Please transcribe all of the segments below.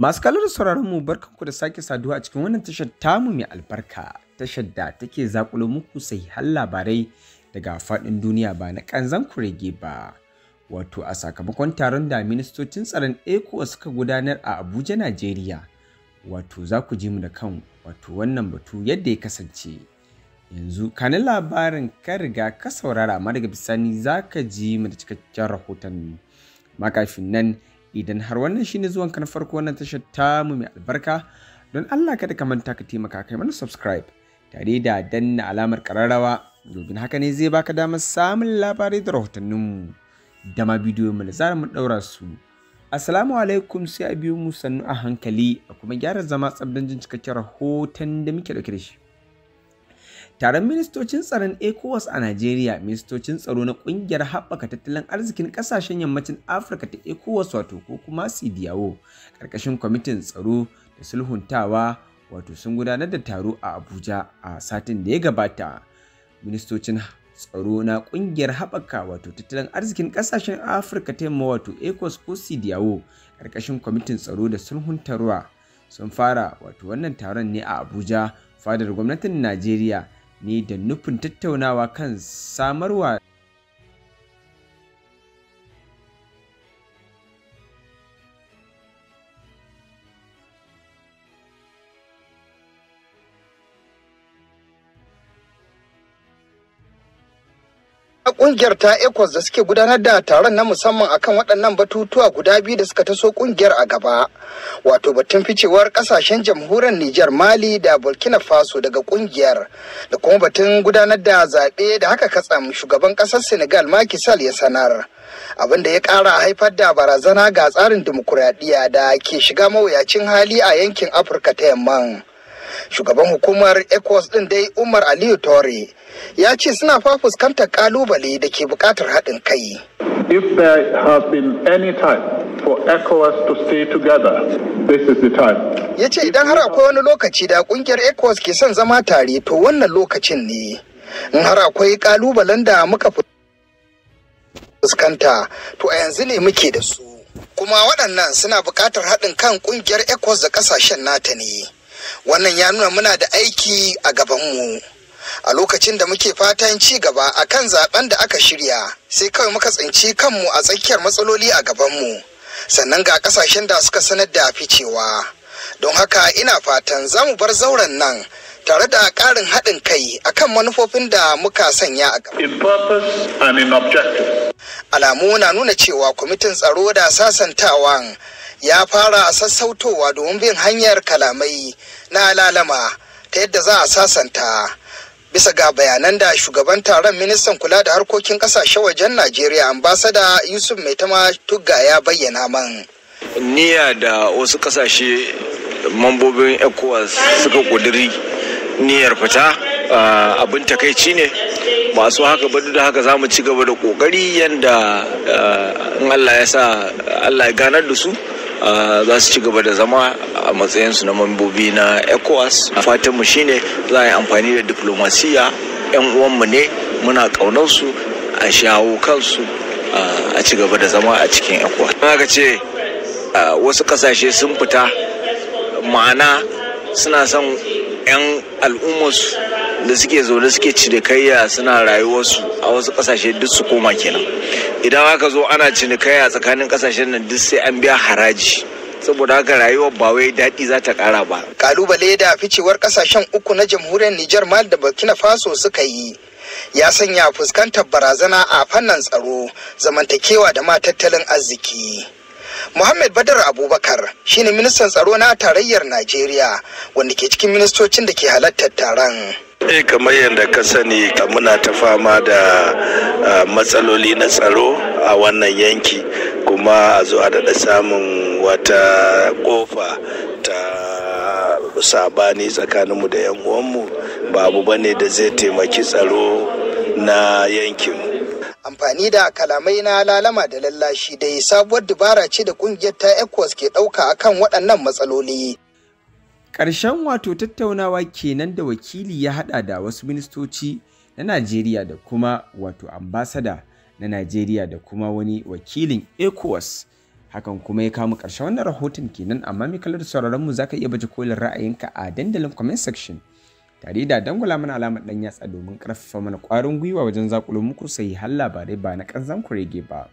Masu kallon sauraron mu barkanku da sake saduwa a cikin wannan tashar tamu mai albarka, tashar da take zakulo muku sai har labarai daga faɗin duniya ba na kanzan kurege ba. Wato a sakamakon taron da ministocin tsaron ECOWAS suka gudanar a Abuja, Najeriya. Wato za ku ji mu da kan wato wannan batu yadda ya kasance. Yanzu kani labarin ka riga ka saurara amma daga bisani za ka ji mu da cikakken rahoton makafin nan idan har wannan shine zuwan kan farko wannan tashar mu mai albarka don Allah kada ka manta ka taimaka kai mana subscribe tare da danna alamar kararrawa domin haka ne zai baka damar samun labarai da rahotanninmu da ma bidiyo mu da mu daura su assalamu alaikum sai a biyo mu sannu a hankali a kuma gyara zama tsabdan jin cikakken rahoton da muke dauke da shi Taron ministocin tsaron ECOWAS a Najeriya, ministocin tsaro na kungiyar haɓaka tattalin arzikin ƙasashen yammacin Afirka ta ECOWAS wato ko kuma CDAO, ƙarƙashin kwamitin tsaro da sulhuntawa wato sun gudanar da taro a Abuja a satin da ya gabata. Ministocin tsaro na kungiyar haɓaka wato tattalin arzikin ƙasashen Afirka ta yamma wato ECOWAS ko CDAO, ƙarƙashin kwamitin tsaro da sulhuntarwa sun fara wato wannan taron ne a Abuja fadar gwamnatin Najeriya. ne da nufin tattaunawa kan samarwa na kungiyar ta ecos da suke gudanar da taron na musamman akan waɗannan batutuwa guda biyu da suka taso kungiyar a gaba wato batun ficewar ƙasashen jamhuriyar niger mali da burkina faso daga kungiyar da kuma batun gudanar da zaɓe da haka katsam shugaban ƙasar senegal makisal ya sanar abin da ya ƙara haifar da barazana ga tsarin dimokuraɗiyya da ke shiga mawuyacin hali a yankin afirka ta yamman shugaban hukumar ecos din dai umar aliyu tore ya ce suna fa fuskantar kalubale da ke bukatar haɗin kai if there has been any time for ECOWAS to stay together, this is the time. Ya ce idan har akwai wani lokaci da kungiyar ecos ke son zama tare to wannan lokacin ne. In har akwai kalubalen da muka fuskanta to a yanzu ne muke da su. Kuma waɗannan suna buƙatar haɗin kan ƙungiyar ecos da ƙasashen nata ne. wannan ya nuna muna da aiki a gabanmu a lokacin da muke fatan ci gaba a kan zaben da aka shirya sai kawai muka tsinci kanmu a tsakiyar matsaloli a gabanmu sannan ga kasashen da suka sanar da ficewa don haka ina fatan za mu bar zauren nan tare da ƙarin haɗin kai a kan manufofin da muka sanya a gaba. Alamu na nuna cewa kwamitin tsaro da sasantawan ya fara sassautowa domin bin hanyar kalamai na lalama ta yadda za a sasanta bisa ga bayanan da shugaban taron ministan kula da harkokin kasashe wajen najeriya ambasada yusuf mai maitama tugga ya bayyana man niyya da wasu kasashe mambobin ecowas suka kuduri niyyar fita abin takaici ne masu haka badu da haka za ci gaba da kokari yadda in allah ya sa allah ya ganar da su Ah, za su ci gaba da zama a matsayinsu na mambobi na ecowas fatanmu shine za a yi amfani da diplomasiya 'yan uwanmu ne muna ƙaunarsu a shawo kansu a ci gaba da zama a cikin ecowas ga ce wasu ƙasashe sun fita ma'ana suna son 'yan al'ummarsu da suke zaune suke cinikayya suna rayuwarsu a wasu kasashe duk su koma kenan idan aka zo ana cinikayya tsakanin kasashen nan duk sai an biya haraji saboda haka rayuwar ba wai daɗi za ta ƙara ba kalubale da ficewar kasashen uku na jamhuriyar nijar mal da burkina faso suka yi ya sanya fuskantar barazana a fannin tsaro zamantakewa da ma tattalin arziki Muhammad Badar Abubakar shine ministan tsaro na tarayyar Najeriya wanda ke cikin ministocin da ke halartar taron. eh kamar yadda ka sani muna ta fama da ah, matsaloli na tsaro a wannan yanki kuma a zo a samun wata ƙofa ta sabani tsakaninmu da 'yan uwanmu babu bane da zai taimaki tsaro na yankin amfani da kalamai na lalama da lallashi dai sabuwar dabara ce da kungiyar ta ecowas ke ɗauka akan waɗannan matsaloli Ƙarshen wato tattaunawa kenan da wakili ya haɗa da wasu ministoci na Najeriya da kuma wato ambasada na Najeriya da kuma wani wakilin ECOWAS. Hakan kuma ya kama ƙarshen wannan rahoton kenan amma mai kallar sauraron mu zaka iya baje kolin ra'ayinka a dandalin comment section tare da dangula mana alamar dan yatsa domin ƙarfafa mana kwarin gwiwa wajen zakulo muku sai har labarai ba na ƙanzan kurege ba.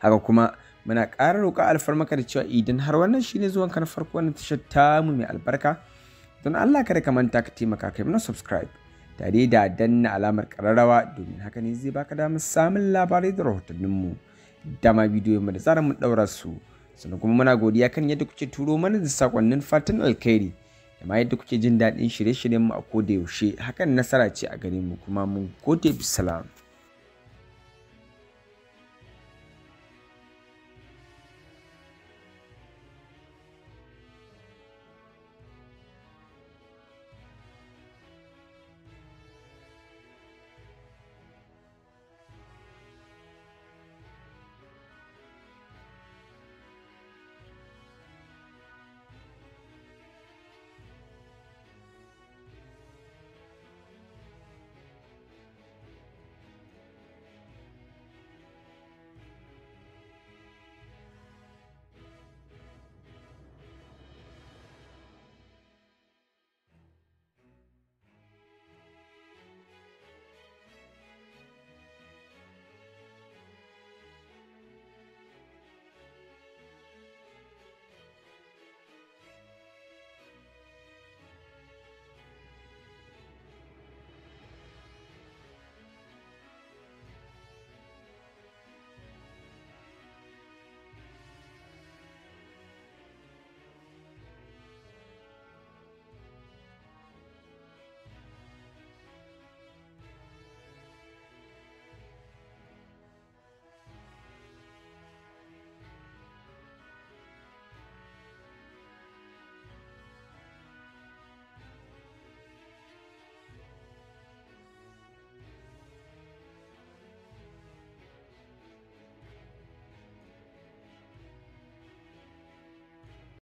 Haka kuma muna ƙara roƙa alfarmaka da cewa idan har wannan shine zuwan kan farko na tashar mu mai albarka don Allah kada ka manta ka taimaka kai mana subscribe tare da danna alamar ƙararrawa domin haka ne zai baka damar samun labarai da rahotanninmu da ma bidiyo da zara mu ɗaura su sannan kuma muna godiya kan yadda kuke turo mana da sakonnin fatan alkhairi da ma yadda kuke jin daɗin shirye-shiryenmu a koda yaushe hakan nasara ce a gare mu kuma mun gode bisalamu